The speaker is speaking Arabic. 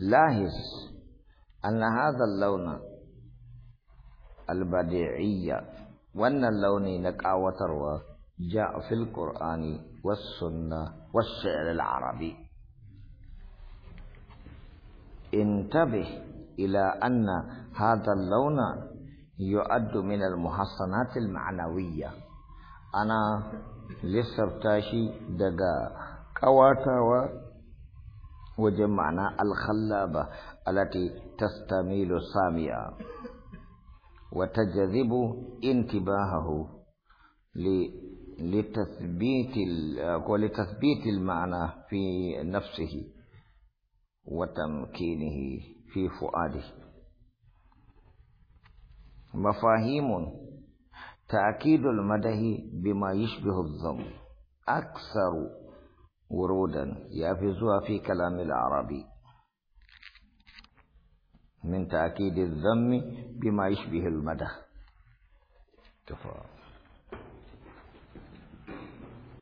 لاحظ أن هذا اللون البديعي وأن اللون نكاوتر جاء في القرآن والسنة والشعر العربي انتبه إلى أن هذا اللون يعد من المحصنات المعنوية أنا لسه تاشي دقا و وجمعنا الخلابة التي تستميل ساميا وتجذب انتباهه لتثبيت ولتثبيت المعنى في نفسه وتمكينه في فؤاده مفاهيم تأكيد المدح بما يشبه الذم أكثر ورودا يافزها في كلام العربي من تأكيد الذم بما يشبه المدح تفاضل